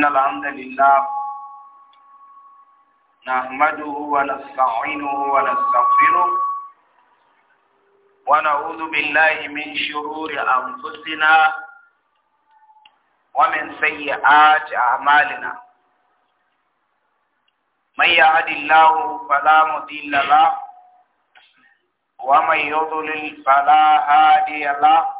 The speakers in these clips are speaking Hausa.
إن الحمد لله نحمده ونستعينه ونستغفره ونعوذ بالله من شرور أنفسنا ومن سيئات أعمالنا من يهد الله فلا مضل له ومن يضلل فلا هادي له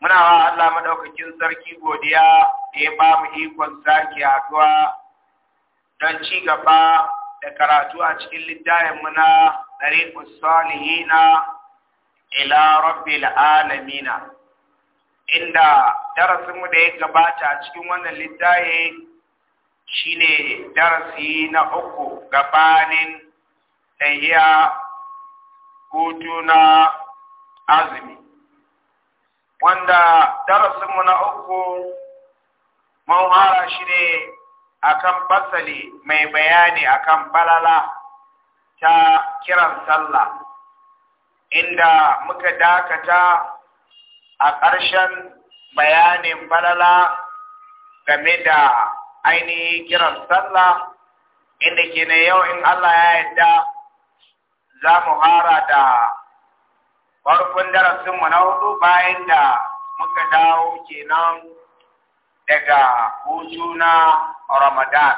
muna wa Allah madaukakin sarki godiya da ya ba mu ikon sake haɗuwa don ci gaba da karatu a cikin littafin muna ɗariƙus salihina ila rabbil alamina inda darasinmu da ya gabata a cikin wannan littafi shine darasi na uku gabanin nahiya hutuna azmi azumi wanda darasinmu na uku mun hara shi ne akan basali mai bayani akan balala ta kiran sallah inda muka dakata a ƙarshen bayanin balala game da ainihin kiran sallah inda ke yau in Allah ya yadda za mu hara da farkon mu na hudu bayan da muka dawo kenan daga hutu na Ramadan.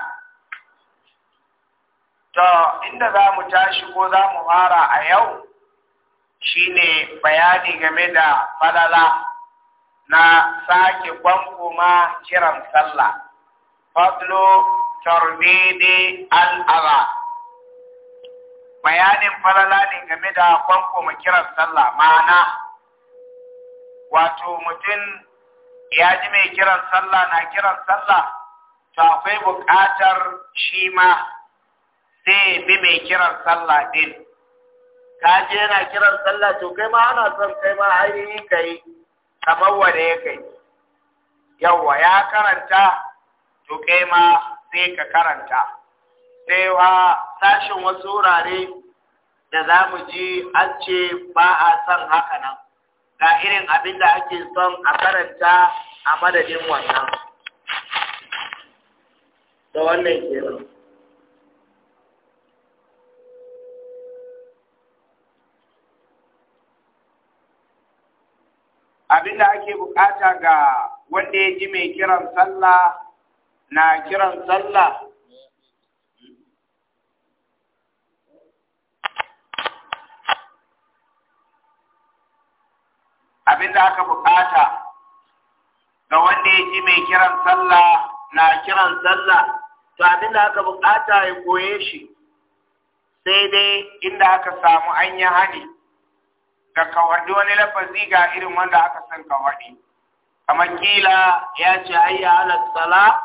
To, inda za mu tashi ko za mu fara a yau shine bayani game da falala na sake ma kiran sallah. Fadlo tarbidi al'ara. bayanin falala ne game da mu kiran sallah ma'ana wato mutum ya ji mai kiran sallah na kiran sallah to akwai buƙatar shi ma sai bi mai kiran sallah din ka je yana kiran sallah to kai ma ana son kai ma ainihin kai kamar wanda ya kai yawwa ya karanta to kai ma sai ka karanta cewa sashen wasu wurare da za mu ji an ce ba a son haka nan ga irin abin da ake son a karanta a madadin wannan da wannan ke abin da ake bukata ga wanda ya ji mai kiran sallah na kiran sallah Abin da aka bukata ga wanda ya ji mai kiran sallah na kiran sallah to abin da aka bukata ya koye shi sai dai inda aka samu an yi hani ga kawaɗi wani lafazi ga irin wanda aka san kawaɗi kamar kila ya ce hayya ala sala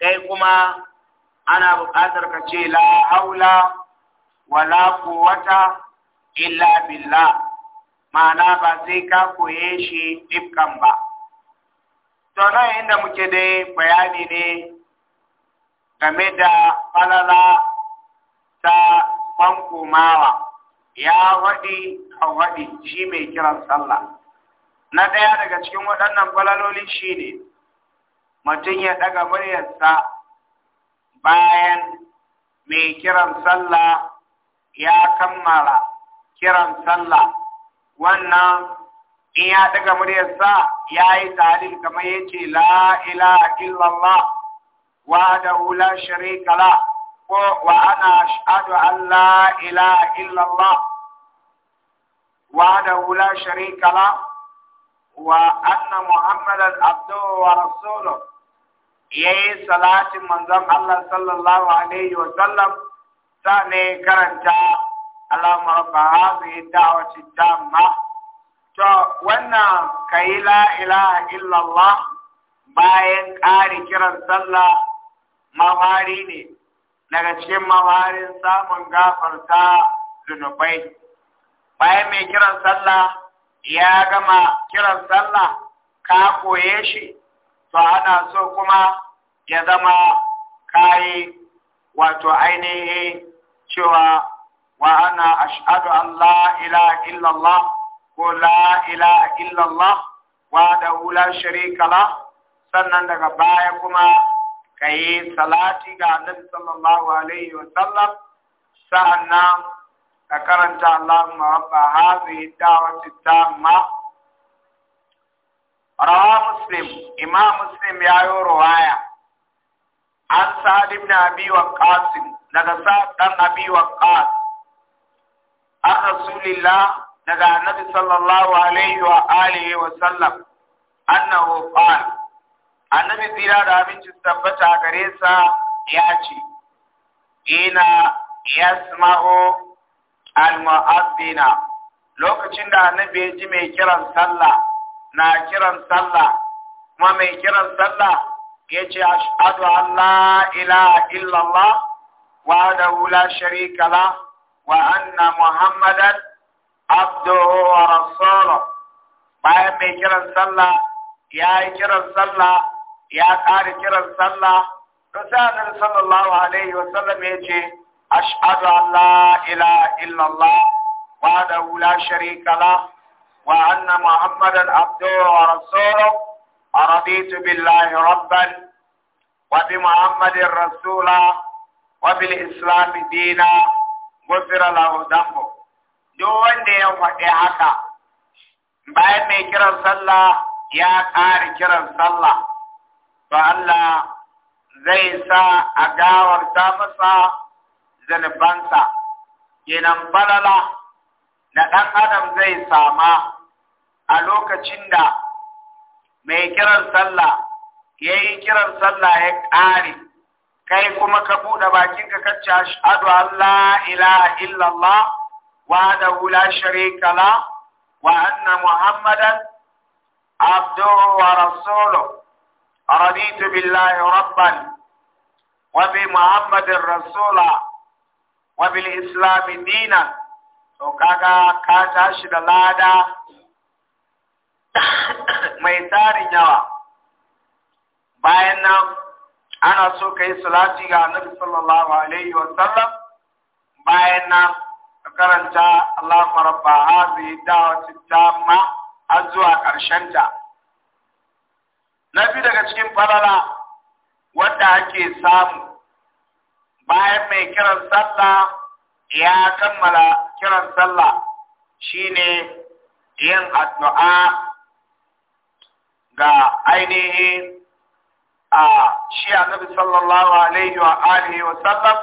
kai kuma ana bukatar ka ce la haula wala quwwata illa billah ma'ana ba zai ka koye shi dukkan ba to da inda muke da bayani ne game da falala ta kwankomawa ya waɗi a waɗi shi mai kiran sallah na ɗaya daga cikin waɗannan falaloli shi ne mutum ya ɗaga muryarsa bayan mai kiran sallah ya kammala kiran sallah wannan in ya daga muryarsa ya yi tahlil kamar ya ce la ilaha illallah wa da hula sharika ko wa ana ashhadu an la ilaha illallah wa da hula sharika wa anna muhammadan abduhu wa ya yi salatin manzon Allah sallallahu alaihi wa sallam sane karanta baha رب dawa الدعوة التامة to wannan kayi la ilaha illallah bayan ƙari kiran sallah mafari ne daga cikin mafarin samun gafarta zunubai bayan mai kiran sallah ya gama kiran sallah ka koye shi to ana so kuma ya zama kayi wato ainihin cewa وأنا أشهد أن لا إله إلا الله ولا إله إلا الله وحده لا شريك له daga baya kuma ka yi salati ga annabi sallallahu alaihi wa sallam sa'annan ka karanta Allahumma rabba hadhihi da'wati tamma rawa muslim imam muslim ya yi ruwaya an sa'ad ibn abi waqqas daga an rasulillah daga annabi sallallahu alaihi wa alihi wa sallam annahu qala annabi tsira da abinci tabbata gare sa ya ce ina yasma'u al lokacin da annabi ya ji mai kiran sallah na kiran sallah kuma mai kiran sallah ya ce ashhadu an la ilaha illallah wa la sharika lahu وأن محمدا عبده ورسوله bayan mai kiran sallah ya yi kiran sallah ya ƙare kiran sallah to sai annabi sallallahu alaihi wa sallam ya ce ashhadu an la ilaha illallah wahdahu sharika la wa muhammadan abduhu wa rasuluhu raditu rabban muhammadin rasula gofira lahu dambo duk wanda ya faɗi haka bayan mai kiran sallah ya ƙare kiran sallah to Allah zai sa a gawar ta masa zanubansa kenan balala na ɗan adam zai sama a lokacin da mai kiran sallah ya yi kiran sallah ya ƙare kai kuma ka buɗe bakinka ka ce ashhadu Allah, la ilaha illallah wahdahu la sharika la wa anna muhammadan abduhu wa rasuluhu raditu billahi rabban wa bi muhammadin rasula wa bil islami dinan to kaga ka tashi da lada mai tsarin yawa bayan nan ana so ka yi salati ga annabi sallallahu alaihi wa sallam bayan na karanta Allahumma rabba hadhihi da'wati tamma har zuwa karshen ta na daga cikin falala wanda ake samu bayan mai kiran sallah ya kammala kiran sallah shine yin addu'a ga ainihin a shi nabi sallallahu alaihi wa alihi wa sallam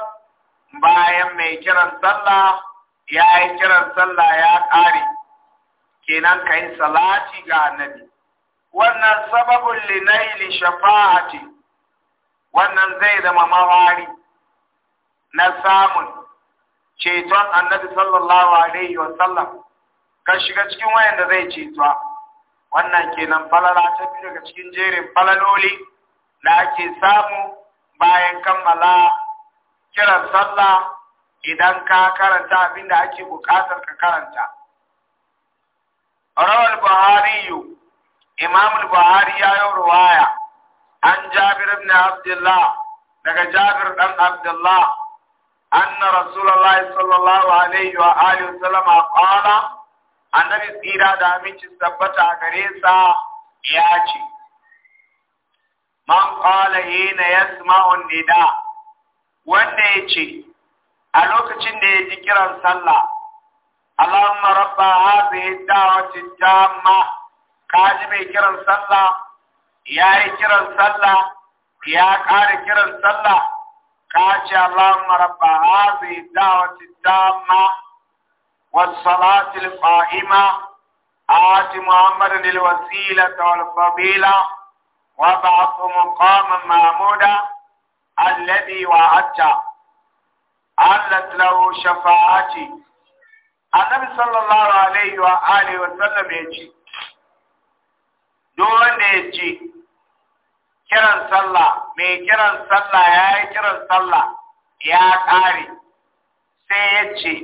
bayan mai kiran sallah ya yi kiran sallah ya ƙare kenan ka yi salati ga annabi wannan sababin linaili shafa'ati wannan zai zama mawari na samun ceton annabi sallallahu alaihi wa sallam ka shiga cikin da zai ceto wannan kenan falala ta fi daga cikin jerin falaloli da ake samu bayan kammala kiran sallah idan ka karanta abin da ake buƙatar ka karanta. Rawar Buhari yi, Imam Buhari ya yi ruwaya, an Jabir ibn Abdullah daga Jabir ɗan Abdullah, an na Rasulallah sallallahu alaihi wa alihi sallama ƙwala, annabi tsira da aminci tabbata a gare sa ya ce. man qala hina yasma'u nida wanda yace a lokacin da ya ji kiran sallah Allahumma rabba hadhihi da'wati tamma kaji mai kiran sallah yayi kiran sallah ya kare kiran sallah kaji Allahumma rabba hadhihi da'wati tamma was salati al qa'ima آت محمد الوسيلة والفضيلة وابعثه مقاما محمودا الذي وعدته علت له شفاعتي annabi sallallahu alaihi wa alihi wa sallam ya ce duk wanda ya ce kiran sallah mai kiran sallah ya yi kiran sallah ya ƙare sai ya ce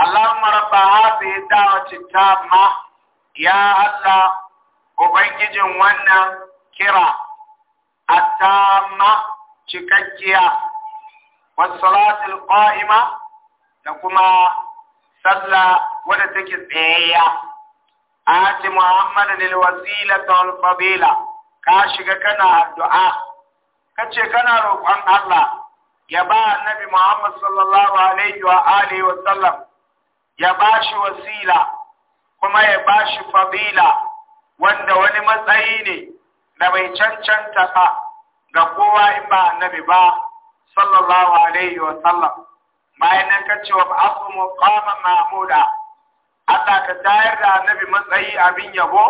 Allahumma rabba hadhihi da'wati tamma ya Allah ubangijin wannan kira atama cikakkiya wasalatul qa'ima da kuma sallah wadda take tsayayya ati muhammad lil wasila wal fadila ka shiga kana addu'a kace kana roƙon Allah ya ba annabi muhammad sallallahu alaihi wa alihi wa sallam ya bashi wasila kuma ya bashi fadila wanda wani matsayi ne da bai cancanta ba ga kowa in ba annabi ba sallallahu alaihi wa sallam bayan nan ka cewa mu qama mahmuda Allah ka tayar da annabi matsayi abin yabo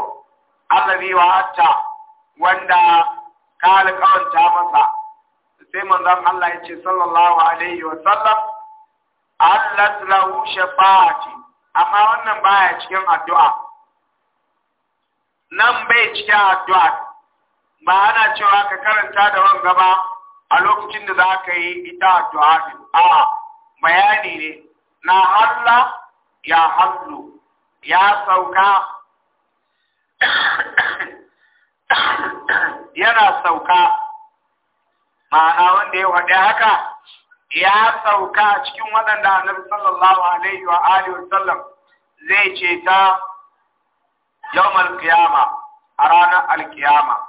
allazi wa'atta wanda ka alƙawanta masa sai manzon Allah ya ce sallallahu alaihi wa sallam Allah lahu shafa'ati amma wannan baya cikin addu'a nan bai cikin addu'a ba ana cewa ka karanta da wan gaba a lokacin da za ka yi ita addu'a a'a bayani ne na halla ya hallu ya sauka yana sauka ma'ana wanda ya faɗi haka ya sauka cikin waɗanda annabi sallallahu alaihi wa alihi wa sallam zai ce ta yawmal qiyama a ranar alkiyama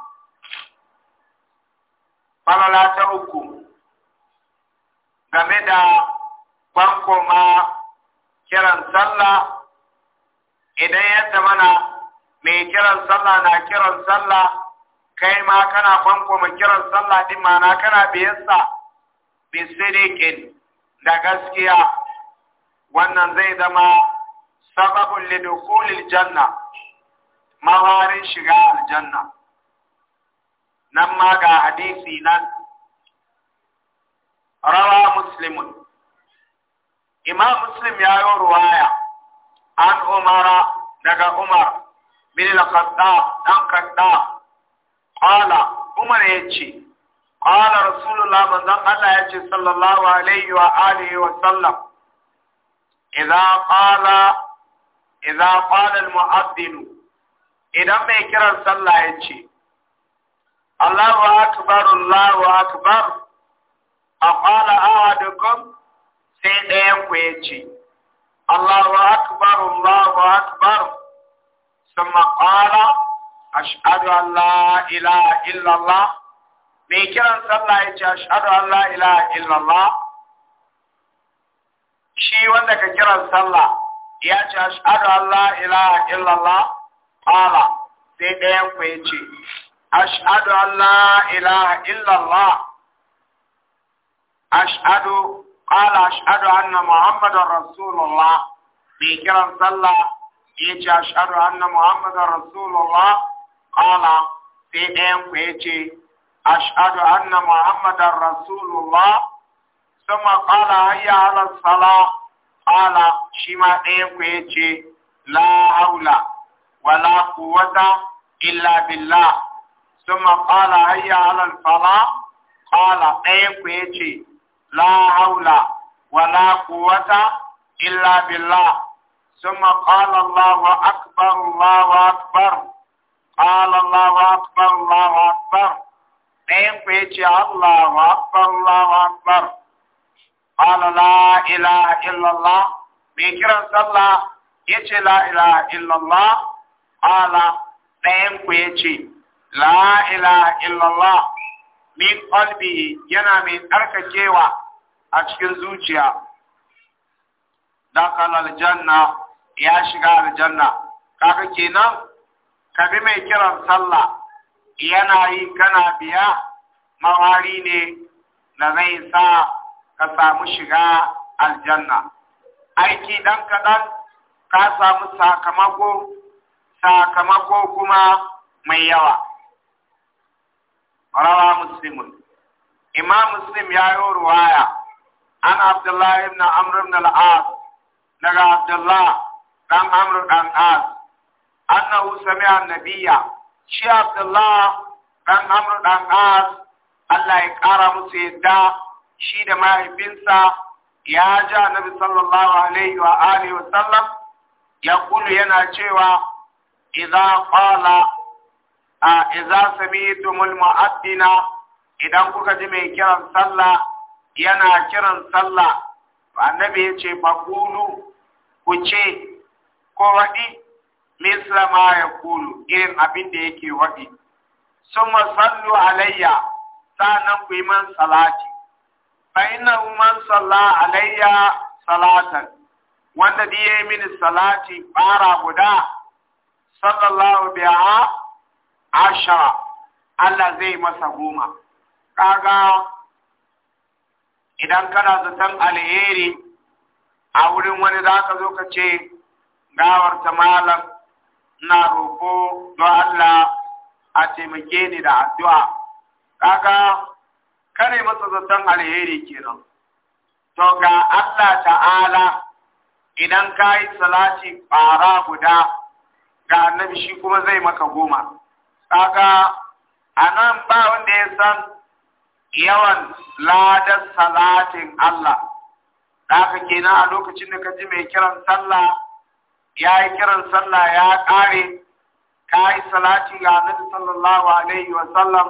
malalata ta uku game da banko ma kiran sallah idan yadda mana mai kiran sallah na kiran sallah kai ma kana banko ma kiran sallah din mana kana biyansa bisirikin da gaskiya wannan zai zama sababin lidukulil janna mawarin shiga aljanna nan ma ga hadisi nan rawa muslimun imam muslim ya yi ruwaya an umara daga umar bin al-khattab dan khattab qala umar yace qala rasulullah manzon Allah yace sallallahu alaihi wa alihi wa sallam idza qala idza qala al-mu'addin idan mai kiran sallah yace الله أكبر الله أكبر أقال أحدكم سيدين ويجي الله أكبر الله أكبر ثم قال أشهد أن لا إله إلا الله ميكرا صلى الله عليه أشهد أن لا إله إلا الله شي وانا كرا صلى يا أشهد أن لا إله إلا الله قال سيدين كويتشي أشهد أن لا إله إلا الله أشهد قال أشهد أن محمد رسول الله بكرا صلى يجي أشهد أن محمد رسول الله قال في أم يجي أشهد أن محمد رسول الله ثم قال هيا على الصلاة قال شما أم يجي لا حول ولا قوة إلا بالله ثم قال هيا على الفلاح قال ايه ويتي لا حول ولا قوة إلا بالله ثم قال الله أكبر الله أكبر قال الله أكبر الله أكبر أيك يجي الله أكبر الله أكبر قال لا إله إلا الله بكرة صلى يتي لا إله إلا الله قال أيك يجي la ilaha min qalbi yana mai tsarkakewa a cikin zuciya dakal aljanna ya shiga aljanna kaga kenan ka bi mai kiran sallah yana yi kana biya mawari ne da zai sa ka samu shiga aljanna aiki dan kaɗan ka samu sakamako sakamako kuma mai yawa rawa muslimun imam muslim ya yi ruwaya an abdullahi ibn amr ibn al daga abdullah dan amr dan as annahu sami'a nabiyya shi abdullah dan amr dan as Allah ya kara musu yadda shi da mahaifinsa ya ji annabi sallallahu alaihi wa alihi wa sallam ya yana cewa idza qala idza sami'tumul mu'addina idan kuka ji mai kiran sallah yana kiran sallah annabi ya ce faqulu ku ce ko waɗi misla ma ya kulu irin abin da yake waɗi summa sallu alayya sanan ku yi man salati fa inna man salla alayya salatan wanda diye min salati bara guda sallallahu biha ashara Allah zai masa goma kaga idan kana zaton alheri a wurin wani za ka zo ka ce gawar ta malam na roƙo do Allah a taimake ni da addu'a kaga kare masa zaton alheri kenan to ga Allah ta'ala idan ka yi salati fara guda ga annabi shi kuma zai maka goma kaga anan ba wanda ya san yawan ladar salatin Allah kaka kenan a lokacin da ka ji mai kiran sallah ya yi kiran sallah ya ƙare ka yi salati ga annabi sallallahu alaihi wa sallam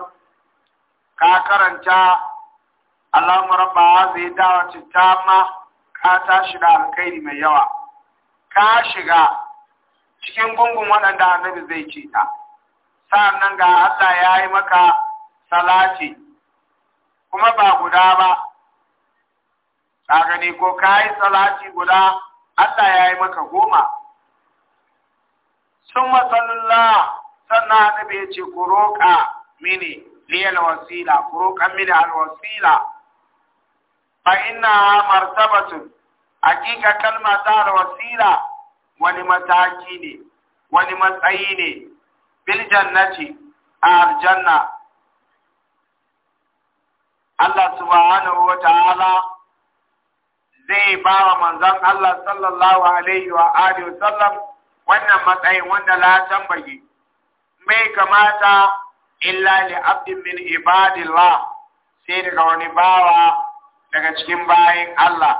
ka karanta Allahumma rabba zai dawa tamma ka ta shiga alkhairi mai yawa ka shiga cikin gungun waɗanda annabi zai ce ta nan ga Allah ya yi maka salati kuma ba guda ba ka gani ko ka yi salati guda Allah ya yi maka goma sun matsalullah sannan da bai ce ku roƙa mini liyal wasila ku roƙa mini alwasila fa ina martabatun hakika kalma alwasila wani mataki ne wani matsayi ne bil jannati al janna Allah subhanahu wa ta'ala zai ba wa manzon Allah sallallahu alaihi wa alihi wa sallam wannan matsayin wanda la tambaye mai kamata illa li abdin min ibadillah sai daga wani bawa daga cikin bayin Allah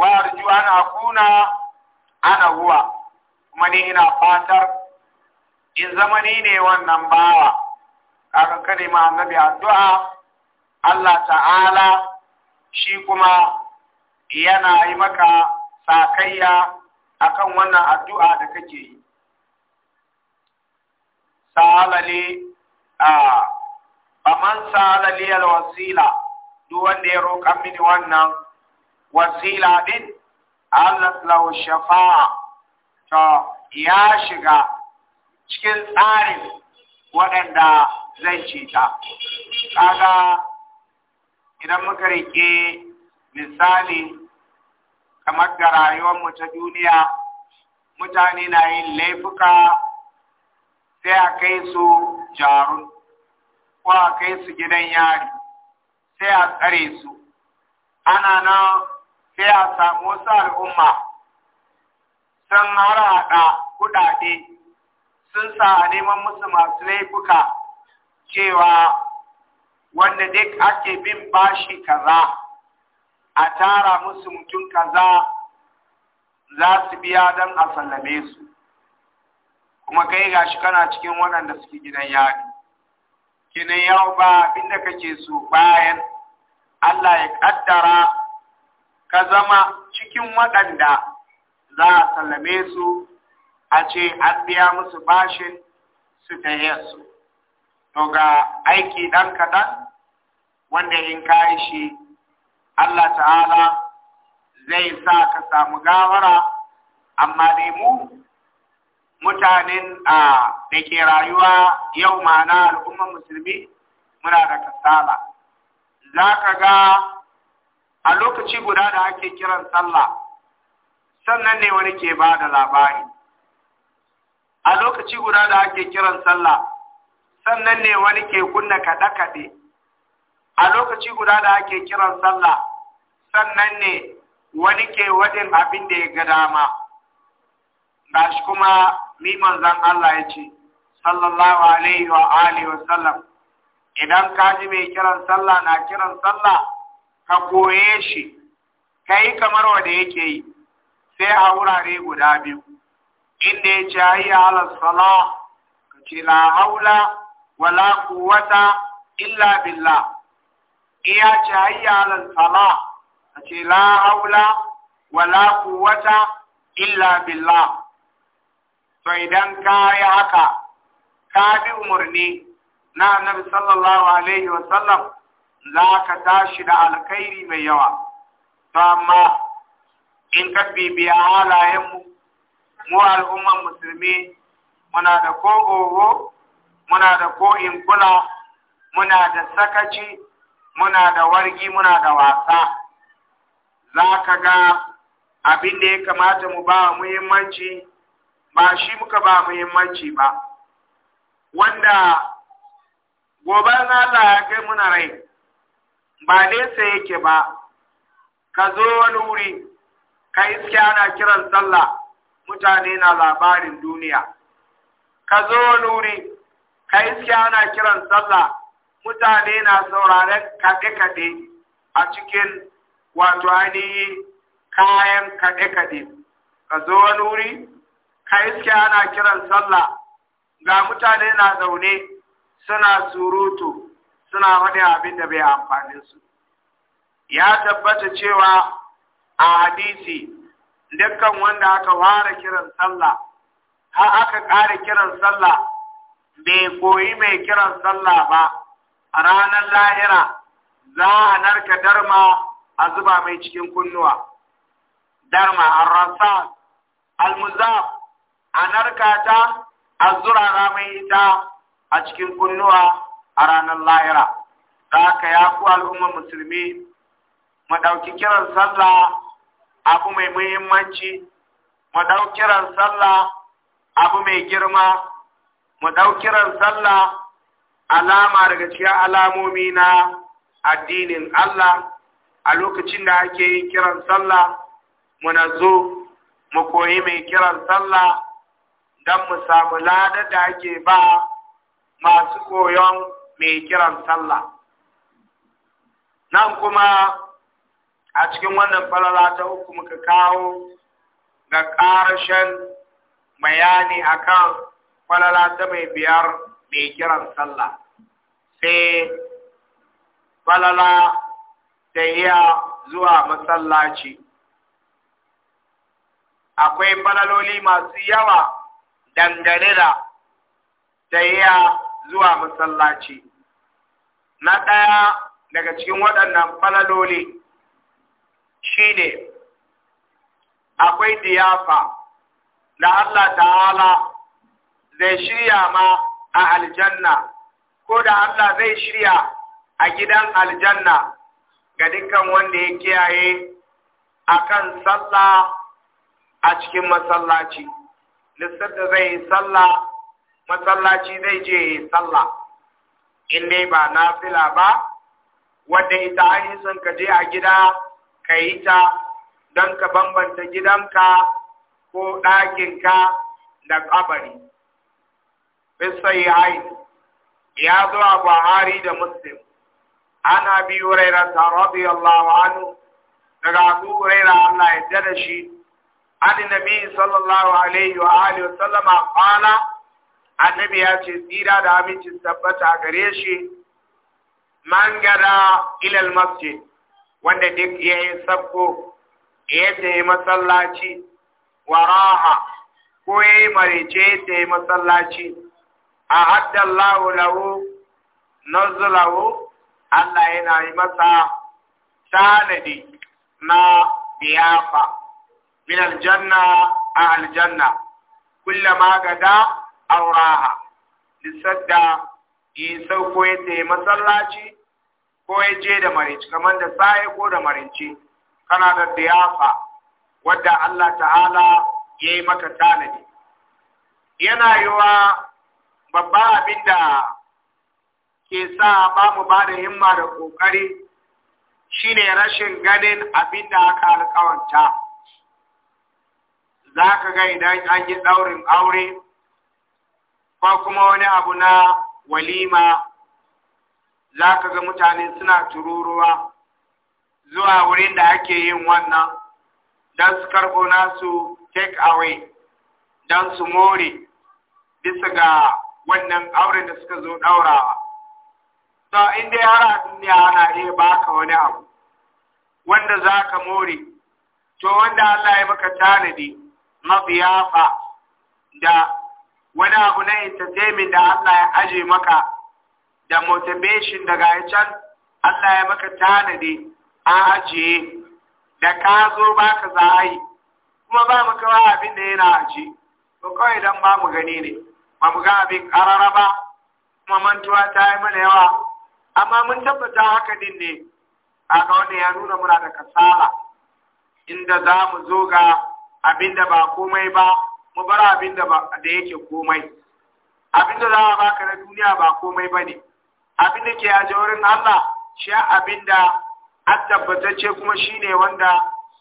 wa arju ana kuna ana huwa kuma ni ina fatar in zamani ne wannan bawa kaga kare ma annabi addu'a Allah ta'ala shi kuma yana yi maka sakayya akan wannan addu'a da kake yi salali a faman salali alwasila duk wanda ya roƙa mini wannan wasila din Allah lahu shafa'a to ya shiga cikin tsarin waɗanda zai ce ta kaga idan muka rike misali kamar da rayuwarmu ta duniya mutane na yin laifuka sai a kai su jarun ko a kai su gidan yari sai a tsare su ana nan sai a samu wasu al'umma sun harhaɗa kuɗaɗe sun sa a neman musu masu laifuka cewa wanda duk ake bin bashi kaza a tara musu mutum kaza za su biya don a sallame su kuma kai shi kana cikin waɗanda suke gidan yari kinan yau ba abinda kake so bayan Allah ya kaddara ka zama cikin waɗanda za a sallame su a ce an biya musu bashin su ta su to ga aiki ɗan kaɗan wanda in kayi shi Allah ta'ala zai sa ka samu gawara amma dai mu mutanen a da ke rayuwa yau ma'ana al'umman musulmi muna da kasala za ka ga a lokaci guda da ake kiran sallah sannan ne wani ke ba da labari a lokaci guda da ake kiran sallah sannan ne wani ke kunna kaɗe-kaɗe a lokaci guda da ake kiran sallah sannan ne wani ke wadin abin da ya ga dama ga shi kuma ni zan Allah ya ce sallallahu alaihi wa alihi wa sallam idan ka ji mai kiran sallah na kiran sallah ka koye shi ka yi kamar wanda yake yi sai a wurare guda biyu inda ya ce hayya ala ka ce la haula wala quwwata illa billah iya ce hayya ala ka ce la haula wala quwwata illa billah to idan ka yi haka ka bi umarni na annabi sallallahu alaihi wa sallam za ka tashi da alkhairi mai yawa to amma in ka bibiya halayenmu mu al'umman musulmi muna da ko muna da ko kula muna da sakaci muna da wargi muna da wasa za ka ga abin da ya kamata mu ba muhimmanci ba shi muka ba muhimmanci ba wanda gobe za a kai muna rai ba nesa yake ba ka zo wani wuri ka iske ana kiran sallah mutane na labarin duniya ka zo wani wuri ka iske ana kiran sallah mutane na sauraren kaɗe-kaɗe a cikin wato ainihi kayan kaɗe-kaɗe ka zo wani wuri ka iske ana kiran sallah ga mutane na zaune suna surutu suna wani abin da bai amfani su ya tabbata cewa a hadisi dukkan wanda aka fara kiran sallah har aka ƙara kiran sallah bai koyi mai kiran sallah ba a ranar lahira za a narka darma a zuba mai cikin kunnuwa darma arrasa almuzaf a narka ta a zurara mai ita a cikin kunnuwa a ranar lahira ta aka ya ku al'ummar musulmi mu ɗauki kiran sallah abu mai muhimmanci mu ɗau kiran sallah abu mai girma mu ɗau kiran sallah alama daga cikin alamomi na addinin Allah a lokacin da ake yi kiran sallah mu nazo mu koyi mai kiran sallah don mu samu lada da ake ba masu koyon mai kiran sallah nan kuma a cikin wannan falala ta uku muka kawo ga ƙarashen bayani akan falala ta mai biyar mai kiran sallah sai falala ta iya zuwa masallaci akwai falaloli masu yawa dangane da ta iya zuwa masallaci na ɗaya daga cikin waɗannan falaloli shine akwai diyafa da Allah ta'ala zai shirya ma a aljanna ko da Allah zai shirya a gidan aljanna ga dukkan wanda ya kiyaye akan sallah a cikin masallaci lissar da zai yi sallah masallaci zai je yi sallah in dai ba nafila ba wanda ita an yi sun kaje a gida ka yi ta don ka bambanta gidanka ko ɗakinka da kabari. Bisai ya zo a Buhari da Muslim, ana bi Huraira ta rabi Allah anu daga Abu Huraira Allah ya jada shi, an nabi sallallahu alaihi wa alihi wa sallama kwana, annabi ya ce tsira da aminci tabbata gare shi, man gada ilal masjid. wanda duk ya yi sabko ya yi masallaci wa raha ko ya yi marice ya yi masallaci a lawo-lawo, na nazulahu Allah yana yi masa tanadi na biyafa min aljanna a aljanna kullama gada auraha lissadda yi sauko ya yi masallaci ko ya je da marinci kamar da saye ko da marinci kana da diyafa wadda Allah ta'ala ya yi maka tanadi yana wa babba abin da ke sa ba mu ba da himma da ƙoƙari shine rashin ganin abin da aka alkawanta za ka ga idan an yi ɗaurin aure ko kuma wani abu na walima za ka ga mutane suna tururuwa zuwa wurin da ake yin wannan don su karɓo nasu take away don su more bisa ga wannan auren da suka zo ɗaurawa. So, in dai har a duniya ana iya baka wani abu, wanda za ka more, to wanda Allah ya maka tanadi mafiyafa da wani abu na entertainment da Allah ya aje maka da motivation daga ya can Allah ya maka tanadi a ajiye da ka zo ba ka za a yi kuma ba mu kawai abin da yana aji To kawai don ba mu gani ne ba mu ga abin karara ba kuma mantuwa ta yi mana yawa amma mun tabbata haka din ne a ga wanda ya nuna muna da kasala inda za mu zo ga abin da ba komai ba mu bar abin da yake komai abin da za a baka na duniya ba komai ba ne abin da ke aje wurin Allah shi abin da an tabbatacce kuma shine wanda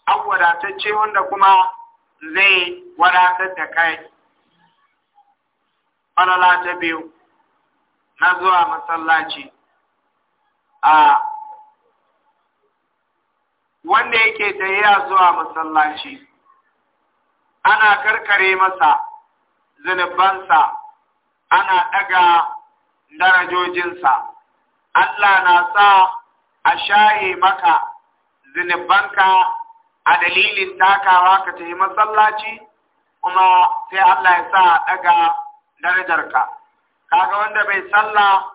an wadatacce wanda kuma zai wadatar da kai falala ta biyu na zuwa masallaci a wanda yake tahiya zuwa masallaci ana karkare masa zunubansa ana ɗaga darajojinsa Allah na sa a shaye maka zinubanka a dalilin takawa ka tafi masallaci kuma sai Allah ya sa a daga darajarka kaga wanda bai sallah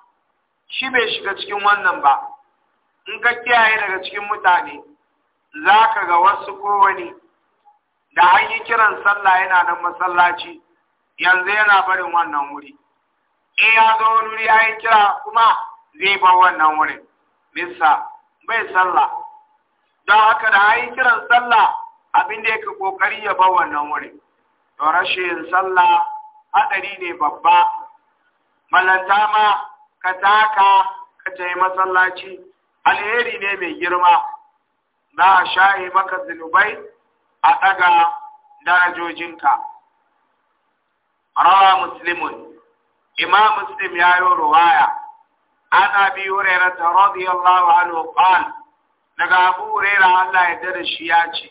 shi bai shiga cikin wannan ba in ka kiyaye daga cikin mutane za ka ga wasu kowani da an yi kiran sallah yana nan masallaci yanzu yana barin wannan wuri in ya ruri wani ya yi kira kuma zai ba wannan wuri bisa bai sallah don haka da yi kiran sallah abin da yake kokari ya ba wannan wuri. to rashin sallah hadari ne babba malanta ma ka taka ka tayi masallaci alheri ne mai girma za a shaye maka zunubai a daga darajojinka rawa muslimun imam muslim ya yi ruwaya an abi hurairah radiyallahu anhu qala daga abu hurairah Allah ya dare shi ya ce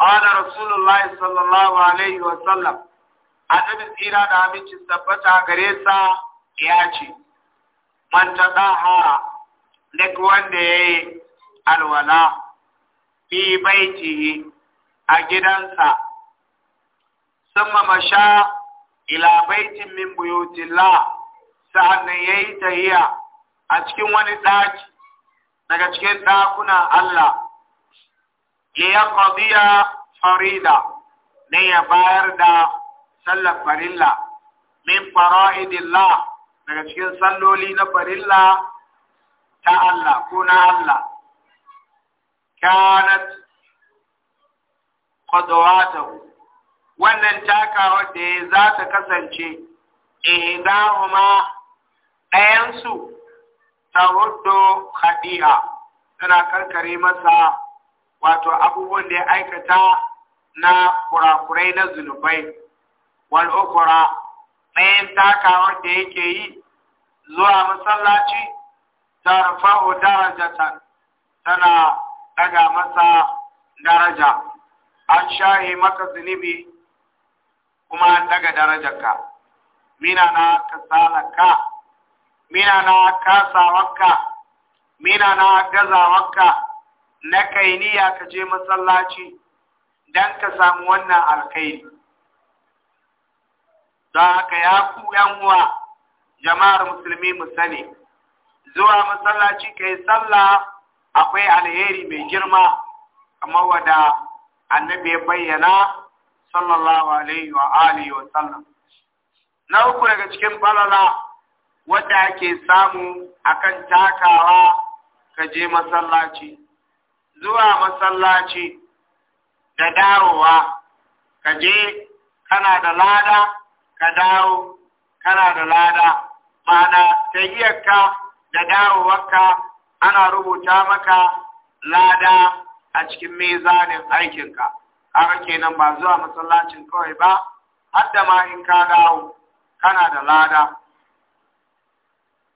qala rasulullahi sallallahu alaihi wa sallam annabi tsira da aminci tabbata gare sa ya ce man tadaha duk wanda yayi alwala fi baitihi a gidansa sun mamasha ila baitin min buyutillah sa'annan yayi tahiya a cikin wani daki daga cikin dakuna Allah li yaqdiya farida ne ya bayar da sallar farilla min fara'idillah daga cikin salloli na farilla ta Allah ko na Allah kanat qadawatahu wannan takawa da ya za ta kasance kuma ɗayansu ta hudu haɗiya tana karkare masa wato abubuwan da ya aikata na kurakurai na zunubai wal ɗayan takawar da yake yi zuwa masallaci tarfa'u darajatan tana ɗaga masa daraja an shahi maka zunubi kuma an daga darajarka mina na kasalarka mina na kasawarka mina na gazawarka na kainiya ka je masallaci don ka samu wannan alkhairi don haka ya ku uwa jama'ar musulmi mu zuwa masallaci kai sallah akwai alheri mai girma kamar wanda annabi ya bayyana sallallahu alaihi wa alihi wa sallam na uku daga cikin falala wanda ake samu akan takawa ka je masallaci zuwa masallaci da dawowa ka je kana da lada ka dawo kana da lada ma'ana tayyarka da dawowarka ana rubuta maka lada a cikin mezanin aikinka haka kenan ba zuwa masallacin kawai ba hadda ma in ka dawo kana da lada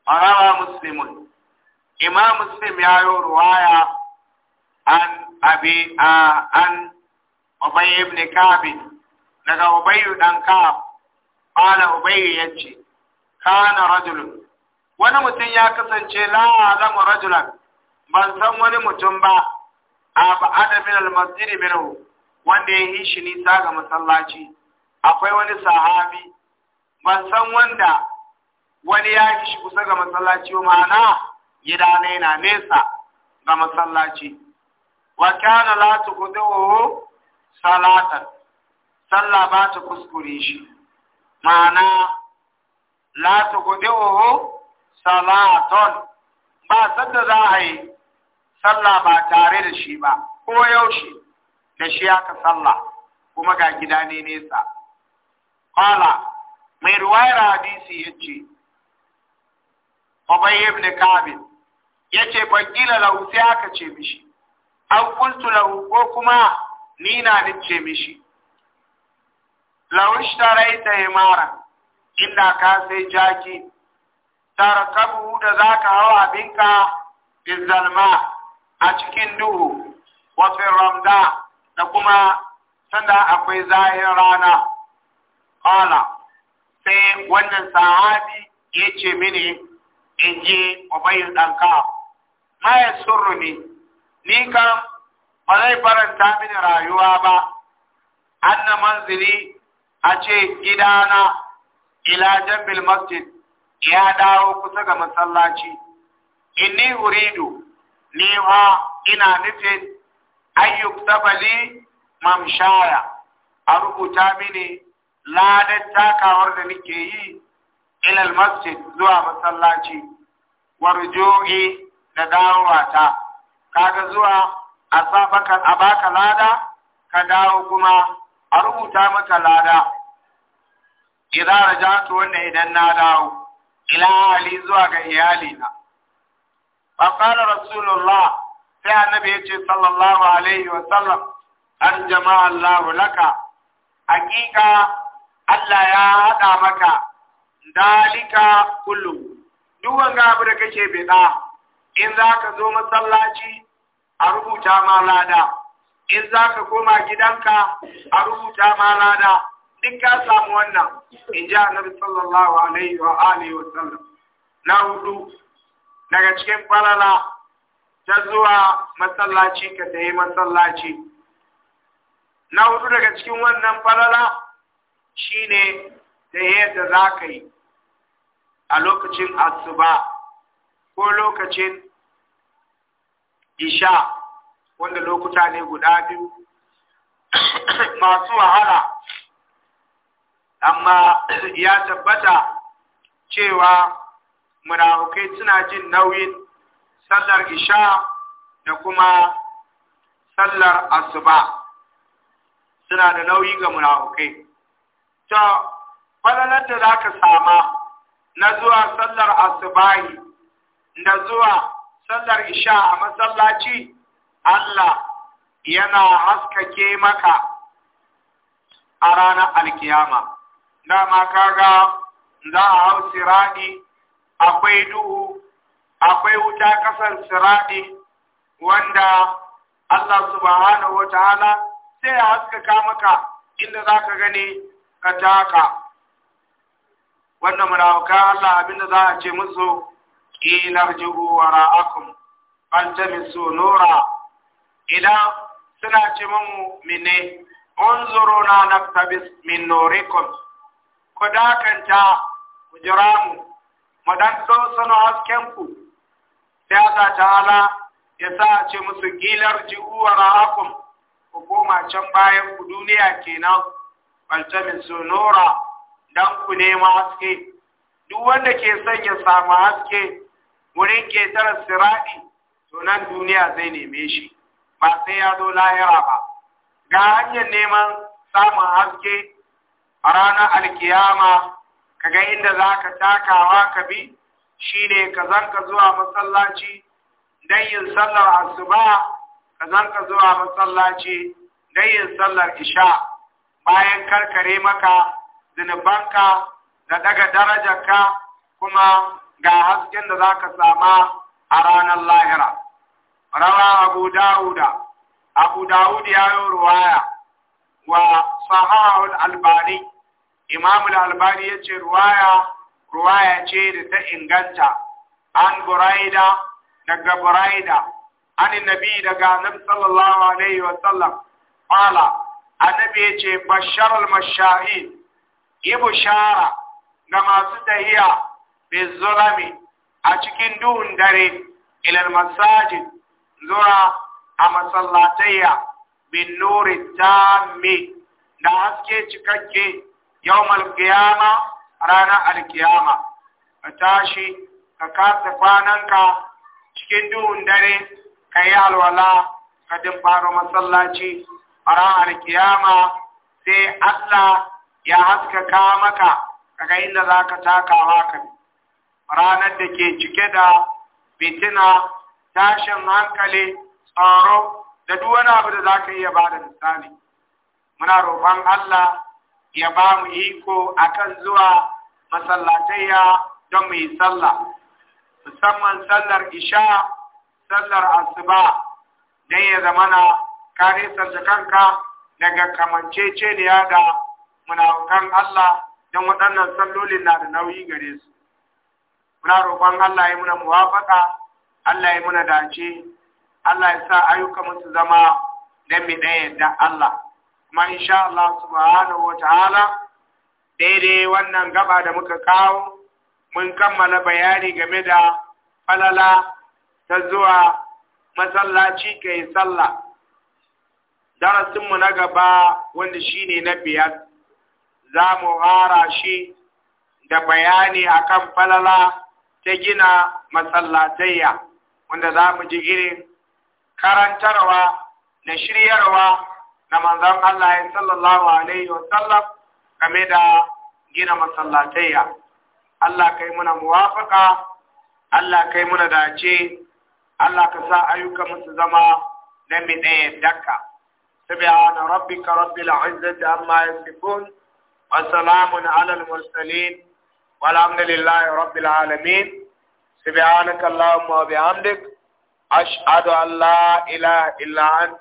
Farawa muslimun imam muslim ya yi ruwaya an abi an ubay ibn ka'b daga ubay dan ka'b qala ubay yace kana rajulun wani mutum ya kasance la alamu rajulan ban san wani mutum ba a ba'ada min al-masjid minhu wanda ya yi shi nisa ga masallaci akwai wani sahabi ban san wanda wani ya yi shi kusa ga masallaci wa ma'ana gida ne na nesa ga masallaci wa kana la tuqdihu salatan sallah ba ta kuskure shi ma'ana la tuqdihu salaton ba sadda za a yi sallah ba tare da shi ba ko yaushe da shi aka sallah kuma ga gida ne nesa Kala, mai ruwayar hadisi ya yace Ubay ibn ya yace bakila lahu sai aka ce mishi an kuntu lahu ko kuma ni na nace mishi raita ya mara, inda ka sai jaki tarkabu da za ka hau abinka bizalma a cikin duhu wafin ramda da kuma sanda akwai zahir rana kala sai wannan sahabi ya ce mini in je ubayin ɗanka ma ya surru ni ni kam ba zai faranta mini rayuwa ba anna manzili a ce gidana ila jambil masjid ya dawo kusa ga masallaci inni uridu ni ha ina nufin an yuktaba mamshaya a rubuta mini ladar takawar da nake yi ilal masjid zuwa masallaci warjo'i da dawowata kaga zuwa a sabaka a baka lada ka dawo kuma a rubuta maka lada idan rajatu wannan idan na dawo ila ali zuwa ga iyalina fa qala rasulullah sai annabi ya ce sallallahu alaihi wa sallam an jama'a Allah laka hakika Allah ya hada maka dalika kullu duk wanga abu da kake bida in zaka zo masallaci a rubuta ma lada in zaka koma gidanka a rubuta ma lada duk ka samu wannan in ji annabi sallallahu alaihi wa alihi wa sallam na hudu daga cikin falala ta zuwa masallaci ka yi masallaci na hudu daga cikin wannan falala shine da yadda za ka yi a lokacin asuba ko lokacin isha wanda lokuta ne guda biyu masu wahala amma ya tabbata cewa murahukai suna jin nauyin sallar isha da kuma sallar asuba suna da nauyi ga munafukai ta falalar da za ka sama na zuwa sallar asubahi da zuwa sallar isha a masallaci Allah yana haskake maka a ranar alkiyama dama kaga za a hau siradi akwai duhu akwai wuta kasan siradi wanda Allah subhanahu wa ta'ala sai ya haskaka maka inda za ka gani ka taka wannan munafukan Allah abinda za a ce musu ƙilar jihu wa ra'akum fantamisu nura idan suna ce mamu mine unzuru na naftabis min nurikum ku dakanta ku jira mu mu dan so hasken ku sai Allah ta'ala ya sa a ce musu gilar ji'uwar wa ku koma can bayan ku duniya kenan min sonora dan ku nema haske duk wanda ke son ya samu haske wurin ketar siradi to nan duniya zai neme shi ba sai ya zo lahira ba ga hanyar neman samun haske a ranar alkiyama ka ga inda za ka takawa ka bi shine ka zanka zuwa masallaci dan yin sallar asuba ka zanka zuwa masallaci dan yin sallar isha bayan karkare maka zinubanka da daga darajarka kuma ga hasken da zaka sama a ranar lahira rawa abu dauda abu daud ya yi ruwaya wa sahahu albari, albani imam al-albani yace ruwaya ruwaya ce da ta inganta an buraida daga buraida an nabi daga annabi sallallahu alaihi wa sallam qala annabi yace bashar al mashahin shara ga masu tahiya bi zulami a cikin duhun dare ilal masajid zura a masallatayya bin nuri tammi da haske cikakke yawmal qiyama ranar alkiyama ka tashi ka kasa kwananka cikin duhun dare ka yi alwala ka dimfaro masallaci a ranar alkiyama sai Allah ya haskaka maka kaga inda za ka takawa ka ranar da ke cike da fitina tashin hankali tsaro da duk wani abu da za ka iya ba da misali muna roƙon Allah ya ba mu iko a kan zuwa masallatayya don mu yi sallah musamman sallar isha sallar asuba don ya zamana kare da kanka daga kamanceceniya da munafukan Allah don waɗannan sallolin na da nauyi gare su muna roƙon Allah ya muna muwafaƙa Allah ya muna dace Allah ya sa ayyuka musu zama don mu ɗaya da Allah kuma insha Allah subhanahu wa ta'ala daidai wannan gaba da muka kawo mun kammala bayani game da falala ta zuwa masallaci ka yi sallah darasinmu na gaba wanda shi ne na biyar za mu hara shi da bayani akan falala ta gina masallatayya wanda za mu ji irin karantarwa na shiryarwa na manzon Allah sallallahu alaihi wasallam game da gina masallatayya Allah kai muna muwafaka Allah kai muna dace Allah ka sa ayyuka musu zama na mi ɗaya daka subhana rabbika rabbil izzati amma yasifun wa salamun ala al mursalin walhamdulillahi rabbil alamin subhanaka allahumma wa bihamdik ashhadu an la ilaha illa anta